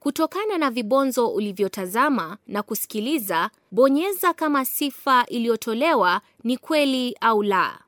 Kutokana na vibonzo ulivyotazama na kusikiliza, bonyeza kama sifa iliyotolewa ni kweli au la.